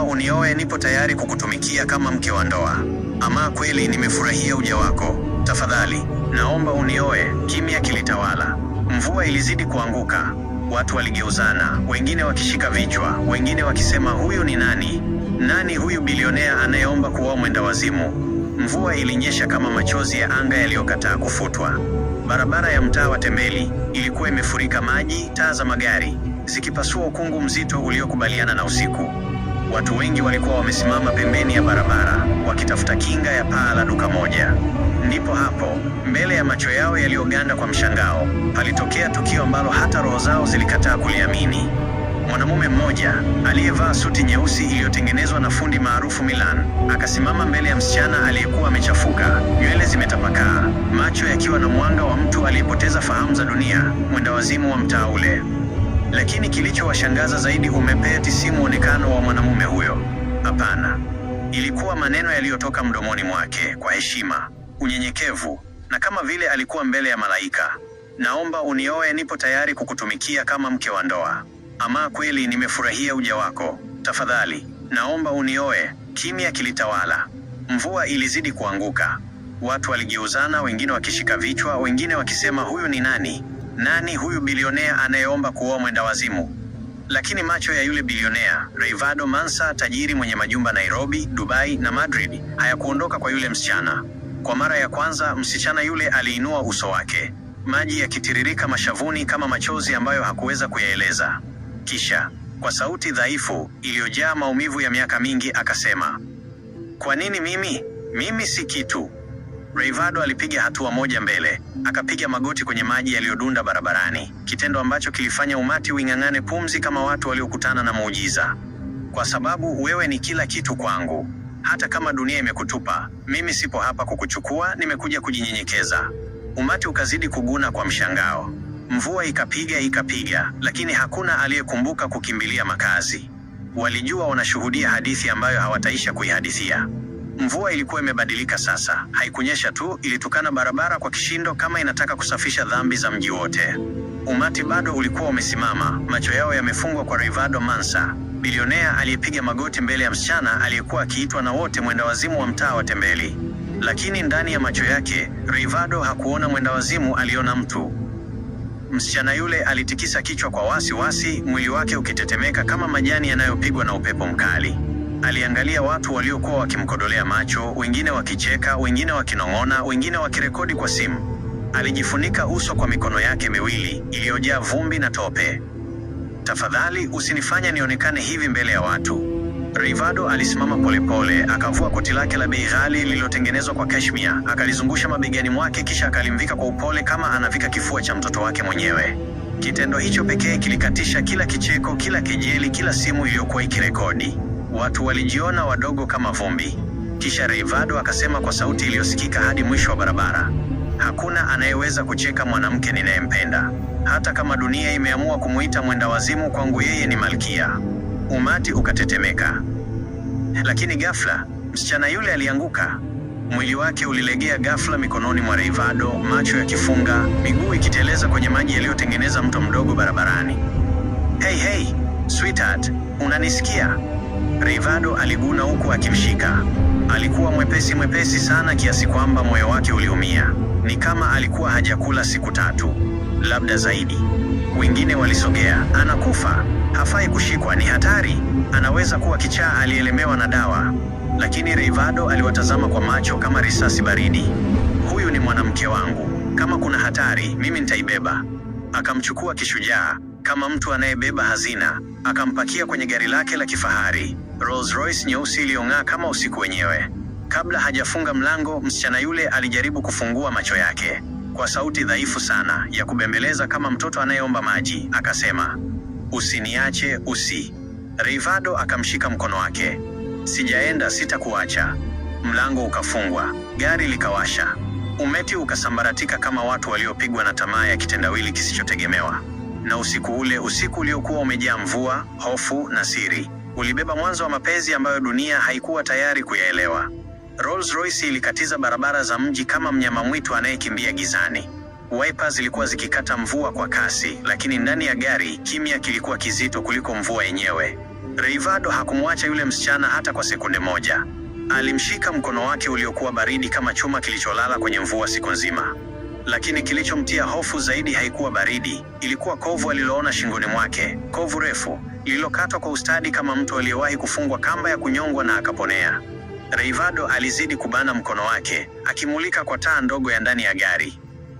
Kama unioe, nipo tayari kukutumikia kama mke wa ndoa. Ama kweli nimefurahia uja wako, tafadhali naomba unioe. Kimya kilitawala. Mvua ilizidi kuanguka, watu waligeuzana, wengine wakishika vichwa, wengine wakisema huyu ni nani? Nani huyu bilionea anayeomba kuoa mwenda wazimu? Mvua ilinyesha kama machozi ya anga yaliyokataa kufutwa. Barabara ya mtaa wa Tembeli ilikuwa imefurika maji, taa za magari zikipasua ukungu mzito uliokubaliana na usiku. Watu wengi walikuwa wamesimama pembeni ya barabara wakitafuta kinga ya paa la duka moja. Ndipo hapo mbele ya macho yao yaliyoganda kwa mshangao, palitokea tukio ambalo hata roho zao zilikataa kuliamini. Mwanamume mmoja aliyevaa suti nyeusi iliyotengenezwa na fundi maarufu Milan akasimama mbele ya msichana aliyekuwa amechafuka, nywele zimetapakaa, macho yakiwa na mwanga wa mtu aliyepoteza fahamu za dunia, mwendawazimu wa mtaa ule. Lakini kilichowashangaza zaidi umepeti si mwonekano wa mwanamume huyo. Hapana, ilikuwa maneno yaliyotoka mdomoni mwake kwa heshima, unyenyekevu na kama vile alikuwa mbele ya malaika. Naomba unioe, nipo tayari kukutumikia kama mke wa ndoa. Ama kweli nimefurahia uja wako, tafadhali naomba unioe. Kimya kilitawala. Mvua ilizidi kuanguka, watu waligeuzana, wengine wakishika vichwa, wengine wakisema huyu ni nani? nani huyu bilionea anayeomba kuoa mwendawazimu? Lakini macho ya yule bilionea Rayvado Mansa, tajiri mwenye majumba Nairobi, Dubai na Madrid, hayakuondoka kwa yule msichana. Kwa mara ya kwanza, msichana yule aliinua uso wake, maji yakitiririka mashavuni kama machozi ambayo hakuweza kuyaeleza. Kisha kwa sauti dhaifu iliyojaa maumivu ya miaka mingi akasema, kwa nini mimi? Mimi si kitu. Rayvanny alipiga hatua moja mbele, akapiga magoti kwenye maji yaliyodunda barabarani, kitendo ambacho kilifanya umati uing'ang'ane pumzi kama watu waliokutana na muujiza. Kwa sababu wewe ni kila kitu kwangu. Hata kama dunia imekutupa, mimi sipo hapa kukuchukua, nimekuja kujinyenyekeza. Umati ukazidi kuguna kwa mshangao. Mvua ikapiga ikapiga, lakini hakuna aliyekumbuka kukimbilia makazi. Walijua wanashuhudia hadithi ambayo hawataisha kuihadithia. Mvua ilikuwa imebadilika sasa, haikunyesha tu, ilitukana barabara kwa kishindo kama inataka kusafisha dhambi za mji wote. Umati bado ulikuwa umesimama, macho yao yamefungwa kwa Rayvado Mansa, bilionea aliyepiga magoti mbele ya msichana aliyekuwa akiitwa na wote mwendawazimu wa mtaa wa Tembeli. Lakini ndani ya macho yake Rayvado hakuona mwendawazimu, aliona mtu. Msichana yule alitikisa kichwa kwa wasiwasi wasi, mwili wake ukitetemeka kama majani yanayopigwa na upepo mkali. Aliangalia watu waliokuwa wakimkodolea macho, wengine wakicheka, wengine wakinong'ona, wengine wakirekodi kwa simu. Alijifunika uso kwa mikono yake miwili iliyojaa vumbi na tope. Tafadhali usinifanye nionekane hivi mbele ya watu. Rivado alisimama polepole, akavua koti lake la bei ghali lililotengenezwa kwa kashmia, akalizungusha mabegani mwake, kisha akalimvika kwa upole kama anavika kifua cha mtoto wake mwenyewe. Kitendo hicho pekee kilikatisha kila kicheko, kila kejeli, kila simu iliyokuwa ikirekodi watu walijiona wadogo kama vumbi. Kisha reivado akasema kwa sauti iliyosikika hadi mwisho wa barabara, hakuna anayeweza kucheka mwanamke ninayempenda. Hata kama dunia imeamua kumuita mwenda wazimu, kwangu yeye ni malkia. Umati ukatetemeka, lakini ghafla msichana yule alianguka. Mwili wake ulilegea ghafla mikononi mwa reivado macho yakifunga, miguu ikiteleza kwenye maji yaliyotengeneza mto mdogo barabarani. Hey, hey, sweetheart, unanisikia? Rayvanny aliguna huku akimshika. Alikuwa mwepesi mwepesi sana kiasi kwamba moyo wake uliumia. Ni kama alikuwa hajakula siku tatu, labda zaidi. Wengine walisogea, anakufa, hafai kushikwa, ni hatari, anaweza kuwa kichaa alielemewa na dawa. Lakini Rayvanny aliwatazama kwa macho kama risasi baridi. Huyu ni mwanamke wangu, kama kuna hatari mimi nitaibeba. Akamchukua kishujaa kama mtu anayebeba hazina, akampakia kwenye gari lake la kifahari. Rolls Royce nyeusi iliyong'aa kama usiku wenyewe. Kabla hajafunga mlango, msichana yule alijaribu kufungua macho yake. Kwa sauti dhaifu sana ya kubembeleza kama mtoto anayeomba maji, akasema, usiniache usi. Rivado akamshika mkono wake. Sijaenda, sitakuacha. Mlango ukafungwa, gari likawasha, umeti ukasambaratika kama watu waliopigwa na tamaa ya kitendawili kisichotegemewa. Na usiku ule, usiku uliokuwa umejaa mvua, hofu na siri ulibeba mwanzo wa mapenzi ambayo dunia haikuwa tayari kuyaelewa. Rolls-Royce ilikatiza barabara za mji kama mnyama mwitu anayekimbia gizani. Wiper zilikuwa zikikata mvua kwa kasi, lakini ndani ya gari kimya kilikuwa kizito kuliko mvua yenyewe. Rayvado hakumwacha yule msichana hata kwa sekunde moja. Alimshika mkono wake uliokuwa baridi kama chuma kilicholala kwenye mvua siku nzima. Lakini kilichomtia hofu zaidi haikuwa baridi, ilikuwa kovu aliloona shingoni mwake, kovu refu lililokatwa kwa ustadi kama mtu aliyewahi kufungwa kamba ya kunyongwa na akaponea. Reivado alizidi kubana mkono wake, akimulika kwa taa ndogo ya ndani ya gari.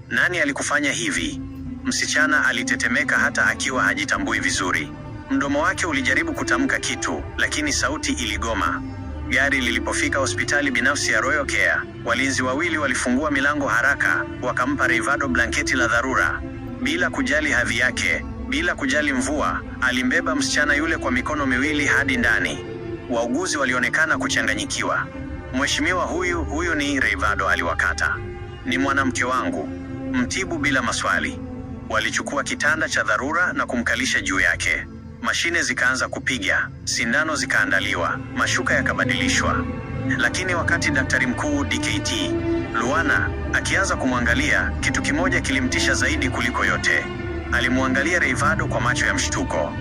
Nani alikufanya hivi? Msichana alitetemeka hata akiwa hajitambui vizuri. Mdomo wake ulijaribu kutamka kitu, lakini sauti iligoma. Gari lilipofika hospitali binafsi ya Royal Care, walinzi wawili walifungua milango haraka, wakampa Rayvado blanketi la dharura. Bila kujali hadhi yake, bila kujali mvua, alimbeba msichana yule kwa mikono miwili hadi ndani. Wauguzi walionekana kuchanganyikiwa. Mheshimiwa, huyu huyu ni Rayvado, aliwakata. Ni mwanamke wangu, mtibu bila maswali. Walichukua kitanda cha dharura na kumkalisha juu yake. Mashine zikaanza kupiga, sindano zikaandaliwa, mashuka yakabadilishwa. Lakini wakati daktari mkuu DKT Luana akianza kumwangalia, kitu kimoja kilimtisha zaidi kuliko yote. Alimwangalia Rayvado kwa macho ya mshtuko.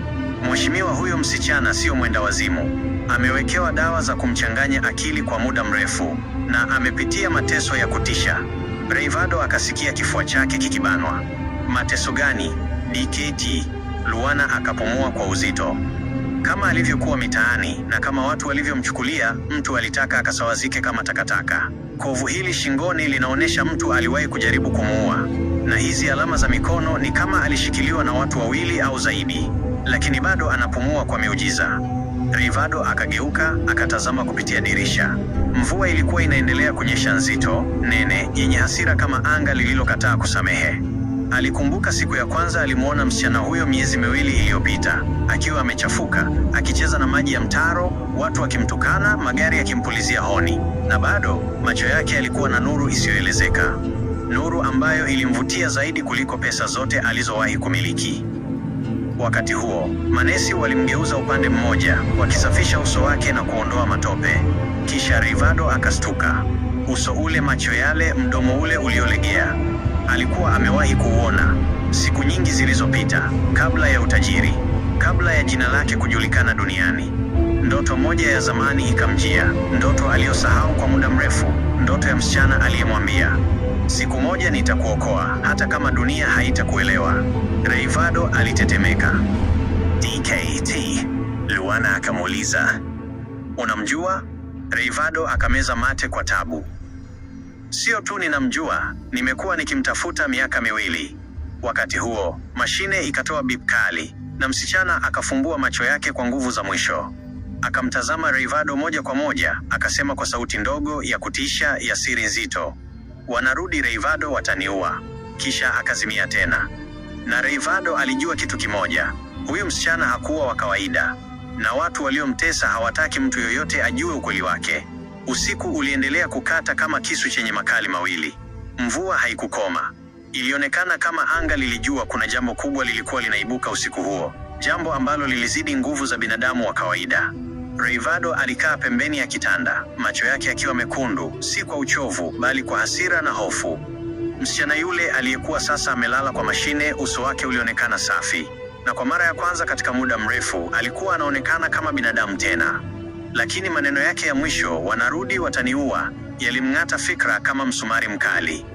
Mheshimiwa, huyo msichana sio mwenda wazimu. Amewekewa dawa za kumchanganya akili kwa muda mrefu na amepitia mateso ya kutisha. Rayvado akasikia kifua chake kikibanwa. Mateso gani? DKT Luana akapumua kwa uzito. Kama alivyokuwa mitaani na kama watu walivyomchukulia, mtu alitaka akasawazike kama takataka. Kovu hili shingoni linaonyesha mtu aliwahi kujaribu kumuua, na hizi alama za mikono ni kama alishikiliwa na watu wawili au zaidi, lakini bado anapumua kwa miujiza. Rivado akageuka akatazama kupitia dirisha. Mvua ilikuwa inaendelea kunyesha, nzito, nene, yenye hasira, kama anga lililokataa kusamehe. Alikumbuka siku ya kwanza alimwona msichana huyo miezi miwili iliyopita akiwa amechafuka, akicheza na maji ya mtaro, watu wakimtukana, magari yakimpulizia honi, na bado macho yake yalikuwa na nuru isiyoelezeka, nuru ambayo ilimvutia zaidi kuliko pesa zote alizowahi kumiliki. Wakati huo manesi walimgeuza upande mmoja, wakisafisha uso wake na kuondoa matope. Kisha Rivado akastuka, uso ule, macho yale, mdomo ule uliolegea alikuwa amewahi kuuona siku nyingi zilizopita, kabla ya utajiri, kabla ya jina lake kujulikana duniani. Ndoto moja ya zamani ikamjia, ndoto aliyosahau kwa muda mrefu, ndoto ya msichana aliyemwambia siku moja nitakuokoa hata kama dunia haitakuelewa. Rayvado alitetemeka. DKT, Luana akamuuliza, unamjua? Rayvado akameza mate kwa tabu. Sio tu ninamjua, nimekuwa nikimtafuta miaka miwili. Wakati huo mashine ikatoa bip kali na msichana akafumbua macho yake kwa nguvu za mwisho. Akamtazama Rayvado moja kwa moja, akasema kwa sauti ndogo ya kutisha ya siri nzito, wanarudi Rayvado, wataniua. Kisha akazimia tena, na Rayvado alijua kitu kimoja: huyu msichana hakuwa wa kawaida, na watu waliomtesa hawataki mtu yoyote ajue ukweli wake. Usiku uliendelea kukata kama kisu chenye makali mawili. Mvua haikukoma. Ilionekana kama anga lilijua kuna jambo kubwa lilikuwa linaibuka usiku huo, jambo ambalo lilizidi nguvu za binadamu wa kawaida. Rayvado alikaa pembeni ya kitanda, macho yake akiwa mekundu, si kwa uchovu, bali kwa hasira na hofu. Msichana yule aliyekuwa sasa amelala kwa mashine, uso wake ulionekana safi, na kwa mara ya kwanza katika muda mrefu alikuwa anaonekana kama binadamu tena lakini maneno yake ya mwisho, wanarudi wataniua, yalimng'ata fikra kama msumari mkali.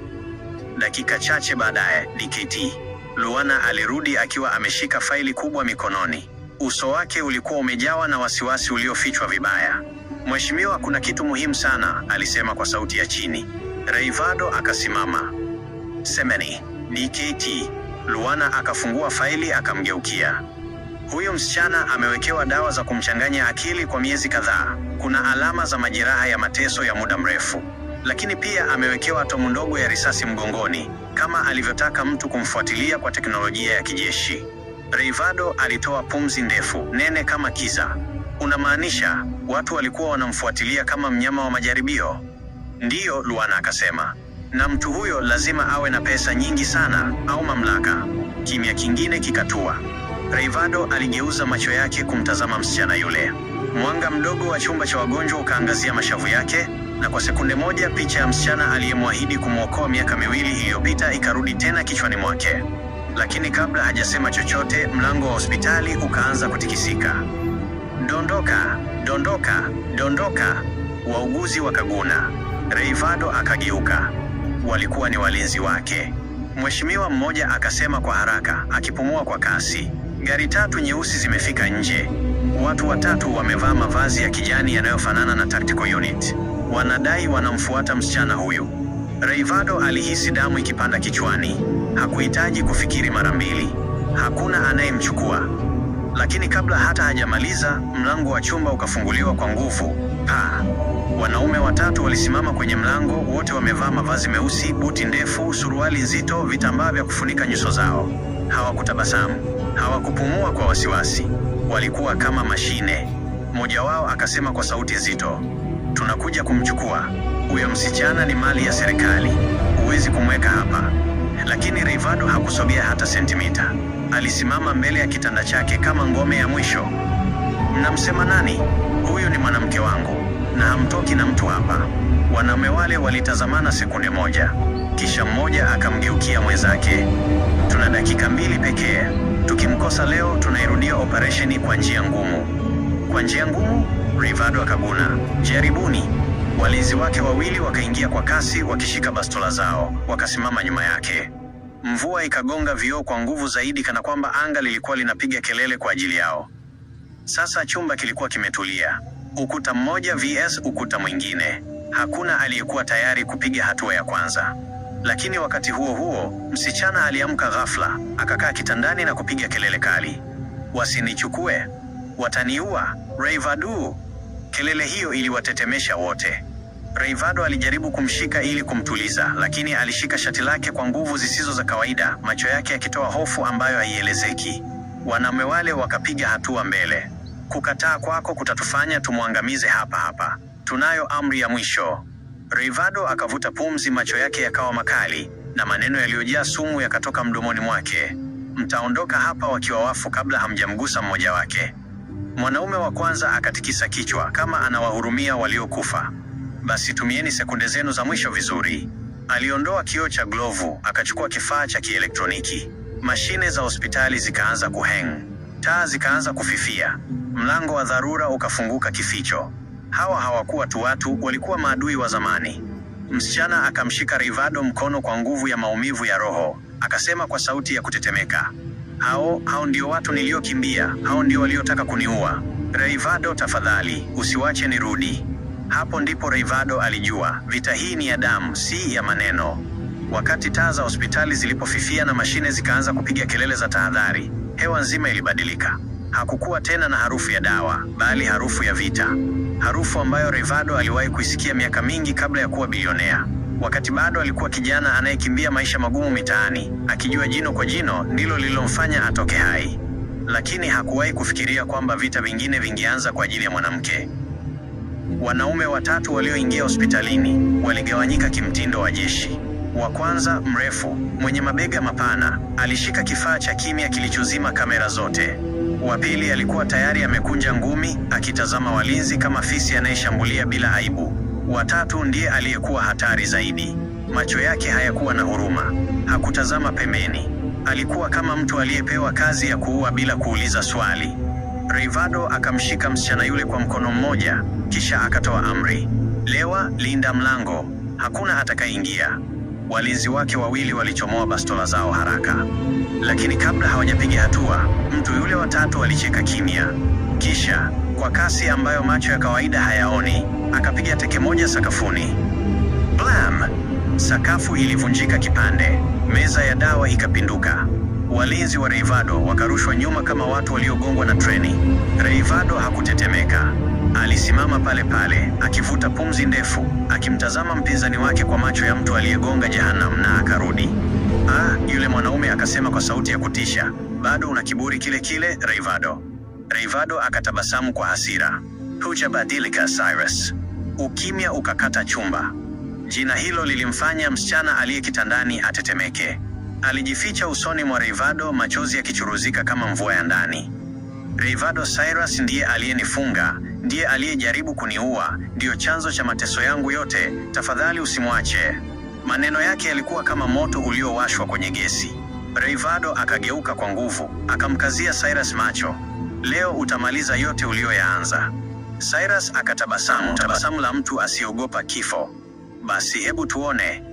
Dakika chache baadaye, DKT Luana alirudi akiwa ameshika faili kubwa mikononi. Uso wake ulikuwa umejawa na wasiwasi uliofichwa vibaya. Mheshimiwa, kuna kitu muhimu sana, alisema kwa sauti ya chini. Reivado akasimama. Semeni. DKT Luana akafungua faili akamgeukia. Huyu msichana amewekewa dawa za kumchanganya akili kwa miezi kadhaa. Kuna alama za majeraha ya mateso ya muda mrefu, lakini pia amewekewa atomu ndogo ya risasi mgongoni, kama alivyotaka mtu kumfuatilia kwa teknolojia ya kijeshi. Rayvado alitoa pumzi ndefu, nene kama kiza. Unamaanisha watu walikuwa wanamfuatilia kama mnyama wa majaribio? Ndiyo, Luana akasema, na mtu huyo lazima awe na pesa nyingi sana au mamlaka. Kimya kingine kikatua. Rayvado aligeuza macho yake kumtazama msichana yule. Mwanga mdogo wa chumba cha wagonjwa ukaangazia mashavu yake, na kwa sekunde moja picha ya msichana aliyemwahidi kumwokoa miaka miwili iliyopita ikarudi tena kichwani mwake. Lakini kabla hajasema chochote, mlango wa hospitali ukaanza kutikisika. Dondoka, dondoka, dondoka! Wauguzi wakaguna. Rayvado akageuka. Walikuwa ni walinzi wake. Mheshimiwa mmoja akasema kwa haraka, akipumua kwa kasi. Gari tatu nyeusi zimefika nje. Watu watatu wamevaa mavazi ya kijani yanayofanana na tactical unit. Wanadai wanamfuata msichana huyu. Rayvado alihisi damu ikipanda kichwani. Hakuhitaji kufikiri mara mbili. Hakuna anayemchukua. Lakini kabla hata hajamaliza, mlango wa chumba ukafunguliwa kwa nguvu. Pa! Wanaume watatu walisimama kwenye mlango, wote wamevaa mavazi meusi, buti ndefu, suruali nzito, vitambaa vya kufunika nyuso zao. Hawakutabasamu. Hawakupumua kwa wasiwasi, walikuwa kama mashine. Mmoja wao akasema kwa sauti nzito, tunakuja kumchukua huyo msichana, ni mali ya serikali, huwezi kumweka hapa. Lakini Rayvado hakusogea hata sentimita. Alisimama mbele ya kitanda chake kama ngome ya mwisho. Mnamsema nani? Huyu ni mwanamke wangu na hamtoki na mtu hapa. Wanaume wale walitazamana sekunde moja, kisha mmoja akamgeukia mwenzake. Tuna dakika mbili pekee. Tukimkosa leo, tunairudia operesheni kwa njia ngumu. Kwa njia ngumu, Rivado akaguna. Jaribuni. Walinzi wake wawili wakaingia kwa kasi wakishika bastola zao, wakasimama nyuma yake. Mvua ikagonga vioo kwa nguvu zaidi, kana kwamba anga lilikuwa linapiga kelele kwa ajili yao. Sasa chumba kilikuwa kimetulia, ukuta mmoja vs ukuta mwingine. Hakuna aliyekuwa tayari kupiga hatua ya kwanza. Lakini wakati huo huo, msichana aliamka ghafla, akakaa kitandani na kupiga kelele kali, wasinichukue, wataniua, Rayvado! Kelele hiyo iliwatetemesha wote. Rayvado alijaribu kumshika ili kumtuliza, lakini alishika shati lake kwa nguvu zisizo za kawaida, macho yake yakitoa hofu ambayo haielezeki. Wanaume wale wakapiga hatua mbele. Kukataa kwako kutatufanya tumwangamize hapa hapa. Tunayo amri ya mwisho. Rayvanny akavuta pumzi, macho yake yakawa makali na maneno yaliyojaa sumu yakatoka mdomoni mwake. Mtaondoka hapa wakiwa wafu kabla hamjamgusa mmoja wake. Mwanaume wa kwanza akatikisa kichwa kama anawahurumia waliokufa. Basi tumieni sekunde zenu za mwisho vizuri. Aliondoa kioo cha glovu, akachukua kifaa cha kielektroniki. Mashine za hospitali zikaanza kuheng, taa zikaanza kufifia, mlango wa dharura ukafunguka kificho. Hawa hawakuwa tu watu, walikuwa maadui wa zamani. Msichana akamshika Rivado mkono kwa nguvu ya maumivu ya roho, akasema kwa sauti ya kutetemeka, hao hao ndio watu niliokimbia, hao ndio waliotaka kuniua. Rivado, tafadhali usiwache nirudi. Hapo ndipo Rivado alijua vita hii ni ya damu, si ya maneno. Wakati taa za hospitali zilipofifia na mashine zikaanza kupiga kelele za tahadhari, hewa nzima ilibadilika. Hakukuwa tena na harufu ya dawa, bali harufu ya vita harufu ambayo Revado aliwahi kuisikia miaka mingi kabla ya kuwa bilionea, wakati bado alikuwa kijana anayekimbia maisha magumu mitaani, akijua jino kwa jino ndilo lililomfanya atoke hai. Lakini hakuwahi kufikiria kwamba vita vingine vingeanza kwa ajili ya mwanamke. Wanaume watatu walioingia hospitalini waligawanyika kimtindo wa jeshi. Wa kwanza mrefu, mwenye mabega mapana, alishika kifaa cha kimya kilichozima kamera zote wa pili alikuwa tayari amekunja ngumi akitazama walinzi kama fisi anayeshambulia bila aibu. Wa tatu ndiye aliyekuwa hatari zaidi. Macho yake hayakuwa na huruma, hakutazama pembeni. Alikuwa kama mtu aliyepewa kazi ya kuua bila kuuliza swali. Rayvado akamshika msichana yule kwa mkono mmoja, kisha akatoa amri: lewa, linda mlango, hakuna atakayeingia. Walinzi wake wawili walichomoa bastola zao haraka, lakini kabla hawajapiga hatua, mtu yule watatu alicheka kimya, kisha kwa kasi ambayo macho ya kawaida hayaoni, akapiga teke moja sakafuni. Blam! Sakafu ilivunjika kipande, meza ya dawa ikapinduka. Walinzi wa Reivado wakarushwa nyuma kama watu waliogongwa na treni. Reivado hakutetemeka. Alisimama pale pale akivuta pumzi ndefu, akimtazama mpinzani wake kwa macho ya mtu aliyegonga jehanamu, na akarudi. Ah, yule mwanaume akasema kwa sauti ya kutisha, bado una kiburi kile kile Rayvado. Rayvado akatabasamu kwa hasira. Hujabadilika Cyrus. Ukimya ukakata chumba. Jina hilo lilimfanya msichana aliye kitandani atetemeke. Alijificha usoni mwa Rayvado, machozi yakichuruzika kama mvua ya ndani. Rayvado Cyrus ndiye aliyenifunga ndiye aliyejaribu kuniua, ndiyo chanzo cha mateso yangu yote, tafadhali usimwache. Maneno yake yalikuwa kama moto uliowashwa kwenye gesi. Rayvado akageuka kwa nguvu, akamkazia Cyrus macho. Leo utamaliza yote uliyoyaanza. Cyrus akatabasamu, tabasamu la mtu asiyeogopa kifo. Basi hebu tuone.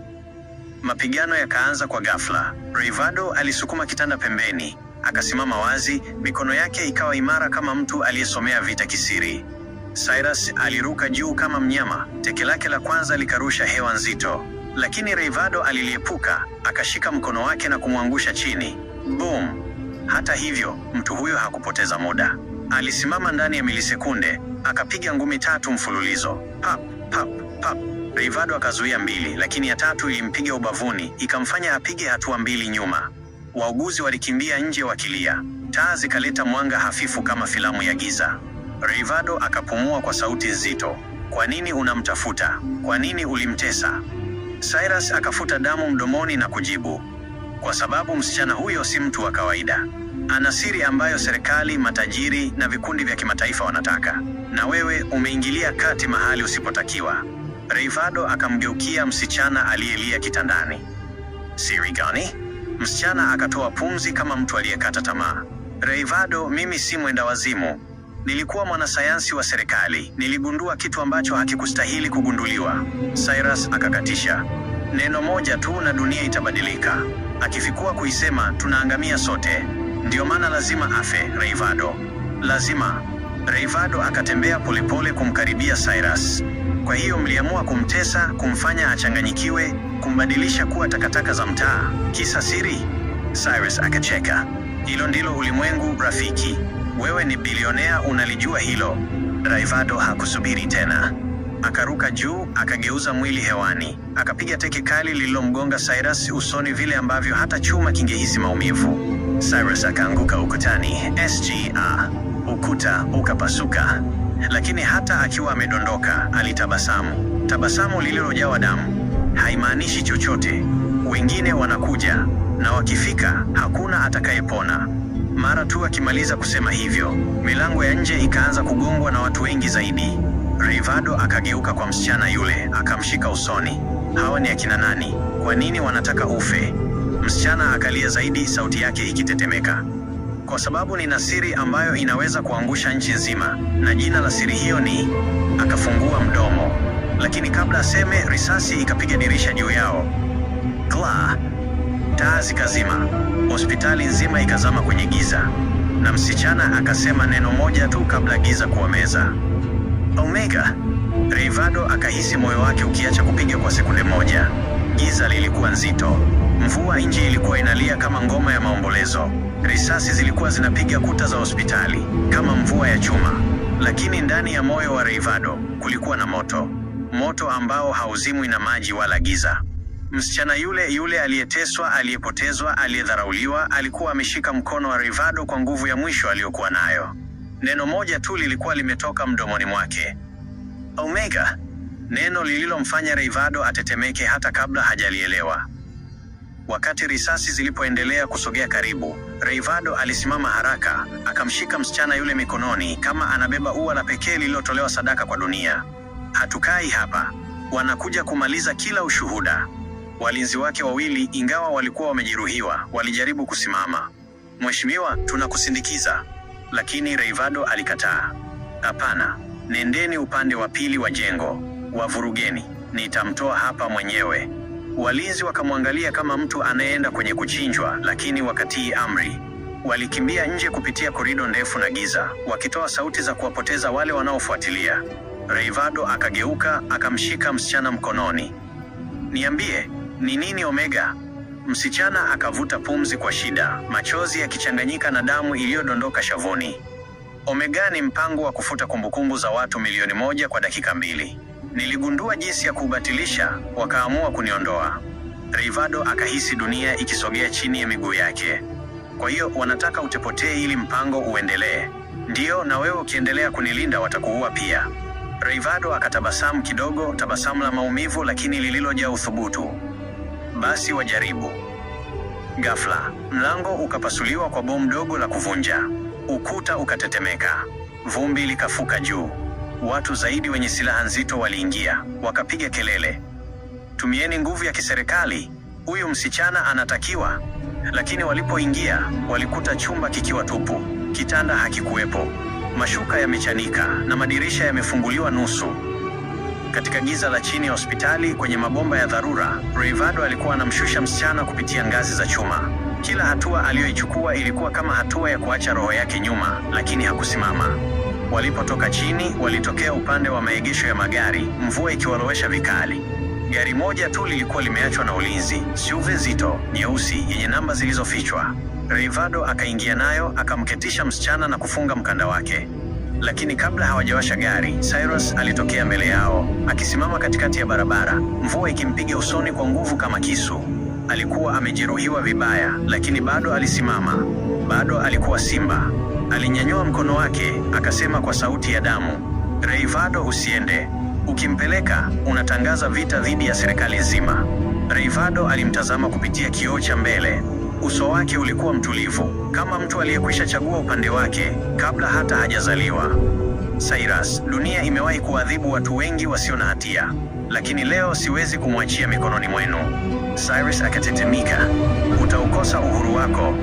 Mapigano yakaanza kwa ghafla. Rayvado alisukuma kitanda pembeni, akasimama wazi, mikono yake ikawa imara kama mtu aliyesomea vita kisiri. Cyrus aliruka juu kama mnyama, teke lake la kwanza likarusha hewa nzito, lakini Rayvado aliliepuka, akashika mkono wake na kumwangusha chini. Boom! Hata hivyo, mtu huyo hakupoteza muda. Alisimama ndani ya milisekunde, akapiga ngumi tatu mfululizo. Pap, pap, pap. Rayvado akazuia mbili, lakini ya tatu ilimpiga ubavuni, ikamfanya apige hatua mbili nyuma. Wauguzi walikimbia nje wakilia. Taa zikaleta mwanga hafifu kama filamu ya giza. Rivado akapumua kwa sauti nzito. Kwa nini unamtafuta? Kwa nini ulimtesa? Cyrus akafuta damu mdomoni na kujibu, kwa sababu msichana huyo si mtu wa kawaida. Ana siri ambayo serikali, matajiri na vikundi vya kimataifa wanataka, na wewe umeingilia kati mahali usipotakiwa. Rayvado akamgeukia msichana aliyelia kitandani. Siri gani? Msichana akatoa pumzi kama mtu aliyekata tamaa. Rayvado, mimi si mwenda wazimu Nilikuwa mwanasayansi wa serikali, niligundua kitu ambacho hakikustahili kugunduliwa. Cyrus akakatisha. Neno moja tu na dunia itabadilika. Akifikua kuisema tunaangamia sote. Ndiyo maana lazima afe Rayvado, lazima. Rayvado akatembea polepole kumkaribia Cyrus. Kwa hiyo mliamua kumtesa, kumfanya achanganyikiwe, kumbadilisha kuwa takataka za mtaa. Kisa siri? Cyrus akacheka. Hilo ndilo ulimwengu rafiki. Wewe ni bilionea, unalijua hilo. Raivado hakusubiri tena, akaruka juu, akageuza mwili hewani, akapiga teke kali lililomgonga Cyrus usoni vile ambavyo hata chuma kingehisi maumivu. Cyrus akaanguka ukutani SGA, ukuta ukapasuka, lakini hata akiwa amedondoka alitabasamu, tabasamu lililojawa damu. Haimaanishi chochote, wengine wanakuja na wakifika hakuna atakayepona. Mara tu akimaliza kusema hivyo, milango ya nje ikaanza kugongwa na watu wengi zaidi. Rayvado akageuka kwa msichana yule, akamshika usoni. Hawa ni akina nani? Kwa nini wanataka ufe? Msichana akalia zaidi, sauti yake ikitetemeka. Kwa sababu nina siri ambayo inaweza kuangusha nchi nzima, na jina la siri hiyo ni... Akafungua mdomo, lakini kabla aseme, risasi ikapiga dirisha juu yao. Kla Taa zikazima, hospitali nzima ikazama kwenye giza, na msichana akasema neno moja tu kabla giza kuwameza: Omega. Rayvado akahisi moyo wake ukiacha kupiga kwa sekunde moja. Giza lilikuwa nzito, mvua nje ilikuwa inalia kama ngoma ya maombolezo, risasi zilikuwa zinapiga kuta za hospitali kama mvua ya chuma, lakini ndani ya moyo wa Rayvado kulikuwa na moto, moto ambao hauzimwi na maji wala giza. Msichana yule yule aliyeteswa, aliyepotezwa, aliyedharauliwa alikuwa ameshika mkono wa Rivado kwa nguvu ya mwisho aliyokuwa nayo. Neno moja tu lilikuwa limetoka mdomoni mwake, Omega, neno lililomfanya Rivado atetemeke hata kabla hajalielewa. Wakati risasi zilipoendelea kusogea karibu, Rivado alisimama haraka, akamshika msichana yule mikononi kama anabeba ua la pekee lililotolewa sadaka kwa dunia. Hatukai hapa, wanakuja kumaliza kila ushuhuda. Walinzi wake wawili, ingawa walikuwa wamejeruhiwa, walijaribu kusimama. Mheshimiwa, tunakusindikiza. Lakini Reivado alikataa. Hapana, nendeni upande wa pili wa jengo, wavurugeni, nitamtoa hapa mwenyewe. Walinzi wakamwangalia kama mtu anayeenda kwenye kuchinjwa, lakini wakatii amri. Walikimbia nje kupitia korido ndefu na giza, wakitoa sauti za kuwapoteza wale wanaofuatilia. Reivado akageuka, akamshika msichana mkononi. Niambie, ni nini omega? Msichana akavuta pumzi kwa shida, machozi yakichanganyika na damu iliyodondoka shavuni. Omega ni mpango wa kufuta kumbukumbu za watu milioni moja kwa dakika mbili. Niligundua jinsi ya kubatilisha, wakaamua kuniondoa. Rivado akahisi dunia ikisogea chini ya miguu yake. Kwa hiyo wanataka utepotee ili mpango uendelee. Ndiyo, na wewe ukiendelea kunilinda watakuua pia. Rivado akatabasamu kidogo, tabasamu la maumivu lakini lililojaa uthubutu basi wajaribu. Ghafla mlango ukapasuliwa kwa bomu dogo la kuvunja, ukuta ukatetemeka, vumbi likafuka juu. Watu zaidi wenye silaha nzito waliingia, wakapiga kelele, tumieni nguvu ya kiserikali, huyu msichana anatakiwa. Lakini walipoingia walikuta chumba kikiwa tupu, kitanda hakikuwepo, mashuka yamechanika na madirisha yamefunguliwa nusu. Katika giza la chini ya hospitali kwenye mabomba ya dharura, Rayvado alikuwa anamshusha msichana kupitia ngazi za chuma. Kila hatua aliyoichukua ilikuwa kama hatua ya kuacha roho yake nyuma, lakini hakusimama. Walipotoka chini, walitokea upande wa maegesho ya magari, mvua ikiwalowesha vikali. Gari moja tu lilikuwa limeachwa na ulinzi, SUV nzito nyeusi yenye namba zilizofichwa. Rayvado akaingia nayo, akamketisha msichana na kufunga mkanda wake lakini kabla hawajawasha gari, Cyrus alitokea mbele yao akisimama katikati ya barabara, mvua ikimpiga usoni kwa nguvu kama kisu. Alikuwa amejeruhiwa vibaya, lakini bado alisimama, bado alikuwa simba. Alinyanyua mkono wake akasema kwa sauti ya damu, Reivado, usiende. Ukimpeleka unatangaza vita dhidi ya serikali nzima. Reivado alimtazama kupitia kioo cha mbele Uso wake ulikuwa mtulivu kama mtu aliyekwisha chagua upande wake kabla hata hajazaliwa. Cyrus, dunia imewahi kuadhibu watu wengi wasio na hatia, lakini leo siwezi kumwachia mikononi mwenu. Cyrus akatetemeka. Utaukosa uhuru wako.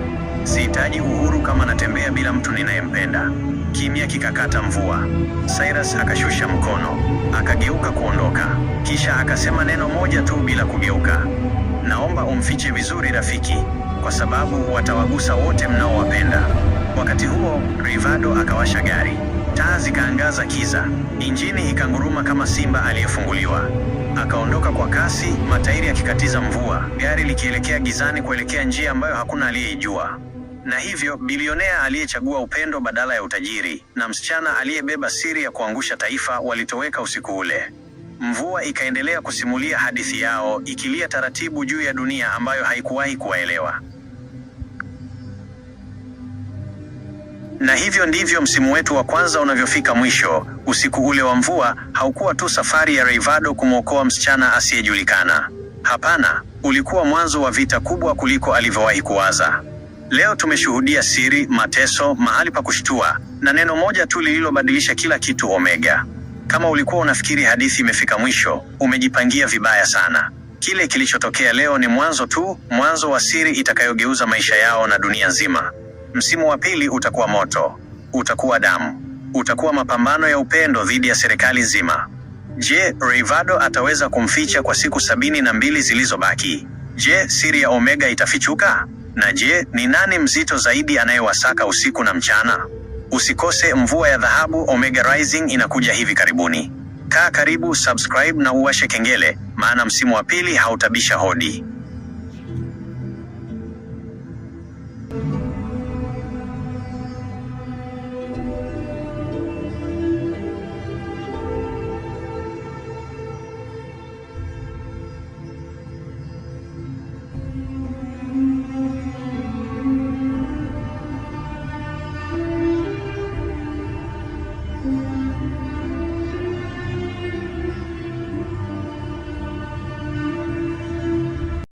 Sihitaji uhuru kama natembea bila mtu ninayempenda. Kimya kikakata mvua. Cyrus akashusha mkono, akageuka kuondoka, kisha akasema neno moja tu bila kugeuka, naomba umfiche vizuri rafiki kwa sababu watawagusa wote mnaowapenda. Wakati huo Rivado akawasha gari, taa zikaangaza kiza, injini ikanguruma kama simba aliyefunguliwa. Akaondoka kwa kasi, matairi yakikatiza mvua, gari likielekea gizani kuelekea njia ambayo hakuna aliyeijua. Na hivyo bilionea aliyechagua upendo badala ya utajiri na msichana aliyebeba siri ya kuangusha taifa walitoweka usiku ule. Mvua ikaendelea kusimulia hadithi yao, ikilia taratibu juu ya dunia ambayo haikuwahi kuwaelewa. Na hivyo ndivyo msimu wetu wa kwanza unavyofika mwisho. Usiku ule wa mvua haukuwa tu safari ya Rayvado kumwokoa msichana asiyejulikana. Hapana, ulikuwa mwanzo wa vita kubwa kuliko alivyowahi kuwaza. Leo tumeshuhudia siri, mateso, mahali pa kushtua na neno moja tu lililobadilisha kila kitu, Omega. Kama ulikuwa unafikiri hadithi imefika mwisho, umejipangia vibaya sana. Kile kilichotokea leo ni mwanzo tu, mwanzo wa siri itakayogeuza maisha yao na dunia nzima. Msimu wa pili utakuwa moto, utakuwa damu, utakuwa mapambano ya upendo dhidi ya serikali nzima. Je, Rayvado ataweza kumficha kwa siku sabini na mbili zilizobaki? Je, siri ya Omega itafichuka? Na je, ni nani mzito zaidi anayewasaka usiku na mchana? Usikose mvua ya dhahabu Omega Rising inakuja hivi karibuni. Kaa karibu, subscribe na uwashe kengele, maana msimu wa pili hautabisha hodi.